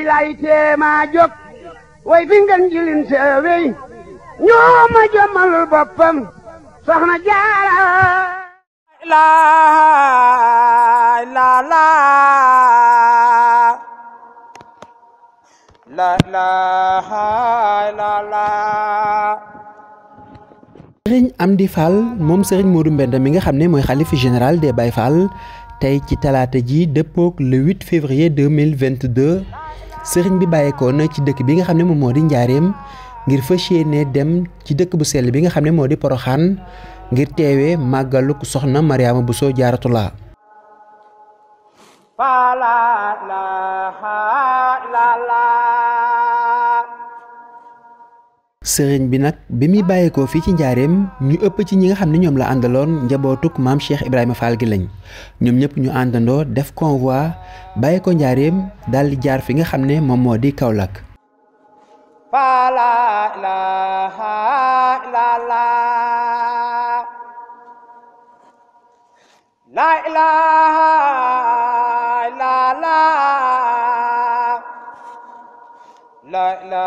lay teema jóg way fi ngeen Amdi Fall moom sëriñ Modou Mbenda mi nga xam ne mooy xalif général des Baye Fall tey ci talaata ji dëppook le 8 février 2022 sëriñ bi bàyyeekoo na ci dëkk bi nga xam ne moom moo di njaareem ngir fas yéene dem ci dëkk bu sell bi nga xam ne moo di poroxaan ngir teewe màggalu soxna Mariama Bousso Jaaratullah la la sëriñ bi nag bi muy bàyyeekoo fii ci njaareem ñu ëpp ci ñi nga xam ne ñoom la àndaloon njabootuk maam Cheikh Ibrahima Fall gi lañ ñoom ñëpp ñu àndandoo def convoi ko njaareem daal di jaar fi nga xam ne moom moo di Kaolack. la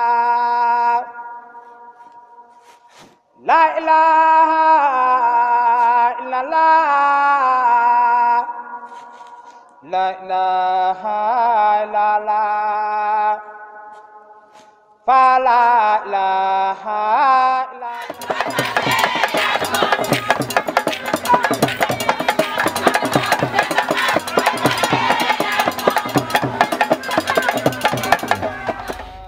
la ilaha illallah la ilaha illallah fa la ilaha illallah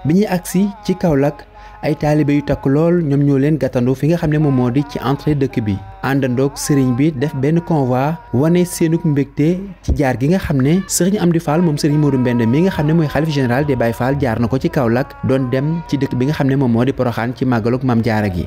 bi ñuy agsi ci Kaolack ay taalibe yu takk lool ñoom ñoo leen gàttandu fi nga xam ne moom moo di ci entrée dëkk bi àndandoog sëriñ bi def benn convoi wane seenuk mbégte ci jaar gi nga xam ne sëriñ am di Fall moom sëriñ Modou Mbend mi nga xam ne mooy xalif général des Baye Fall jaar na ko ci Kaolack doon dem ci dëkk bi nga xam ne moom moo di Poroxaan ci màggalug Maam Jaara gi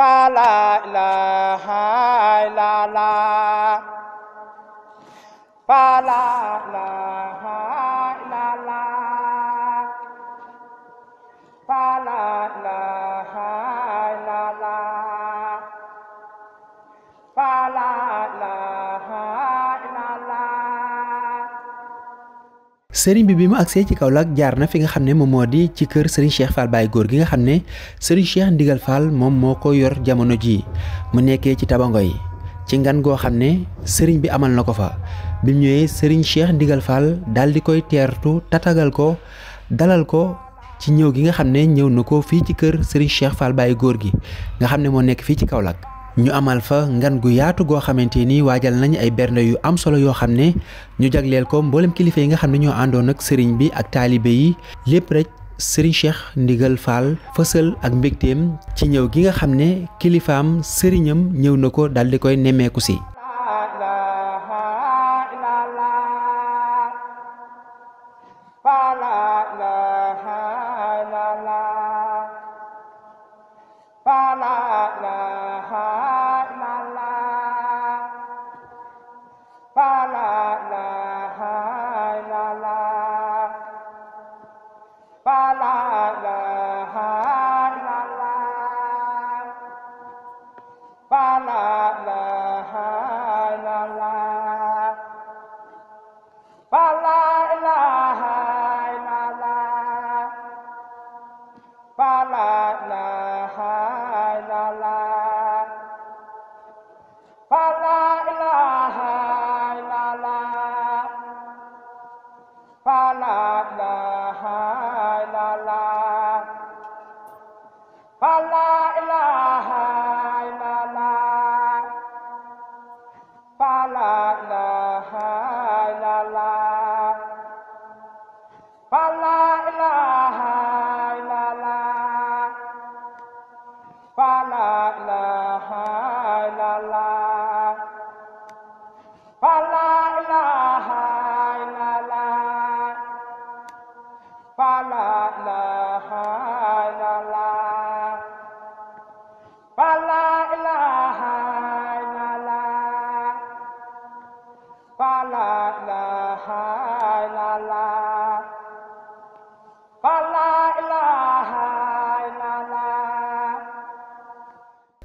fa la ilaha illallah fa la la sëriñ bi bi mu agsee ci Kaolack jaar na fi nga xam ne moom moo di ci kër sëriñ Cheikh Fall Baye góor gi nga xam ne sëriñ Cheikh Ndigal Fall moom moo ko yor jamono jii mu nekkee ci tabango yi ci ngan goo xam ne sëriñ bi amal na ko fa bi mu ñëwee sëriñ Cheikh Ndigal Fall daal di koy teertu tatagal ko dalal ko ci ñëw gi nga xam ne ñëw na ko fii ci kër sëriñ Cheikh Fall Baye góor gi nga xam ne moo nekk fii ci Kaolack. ñu amal fa ngan gu yaatu goo xamante ni waajal nañu ay bernde yu am solo yoo xam ne ñu jagleel ko mboolem kilifa yi nga xam ne ñoo àndoon ak sëriñ bi ak taalibe yi lépp rek sëriñ Cheikh Ndigal Fall fësal ak mbégteem ci ñëw gi nga xam ne kilifaam sëriñam ñëw na ko daldi koy nemmeeku si. Allah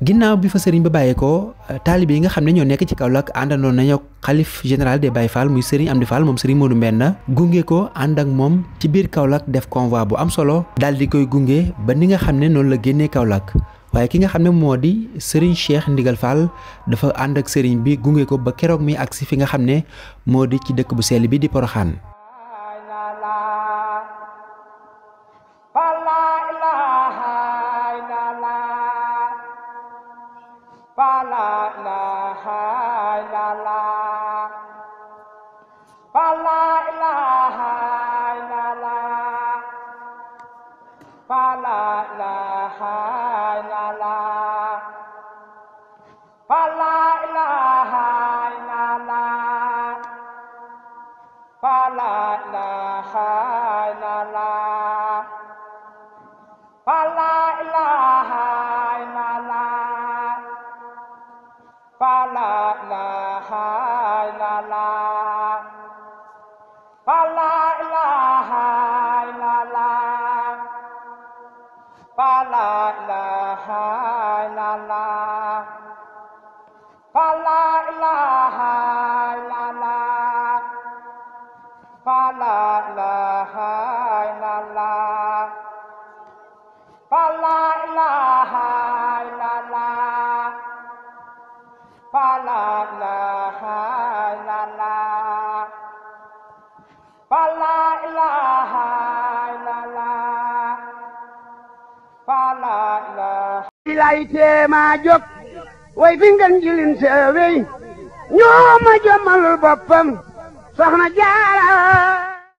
ginnaaw bi fa sëriñ ba bàyyeekoo euh, taalibe yi nga xam ne ñoo nekk ci Kaolack àndandoon nañoo xalif général des Baye Fall muy sëriñ Amdi Fall moom sëriñ Modou Mbenda gunge ko ànd ak moom ci biir Kaolack def convoi bu am solo daal di koy gunge ba ni nga xam ne noonu la génnee Kaolack waaye ki nga xam ne moo di sëriñ Cheikh Ndigal Fall dafa ànd ak sëriñ bi gunge ko ba keroog mi agsi fi nga xam ne moo di ci dëkk bu sell bi di Poroxaan Bala fa la la ha la la fa la la ha la la fa la la ha la la fa la la ha la la fa la la lay tee ma jóg way fi ngeen jilin seewey ñoo ma jëmal boppam soxna jaara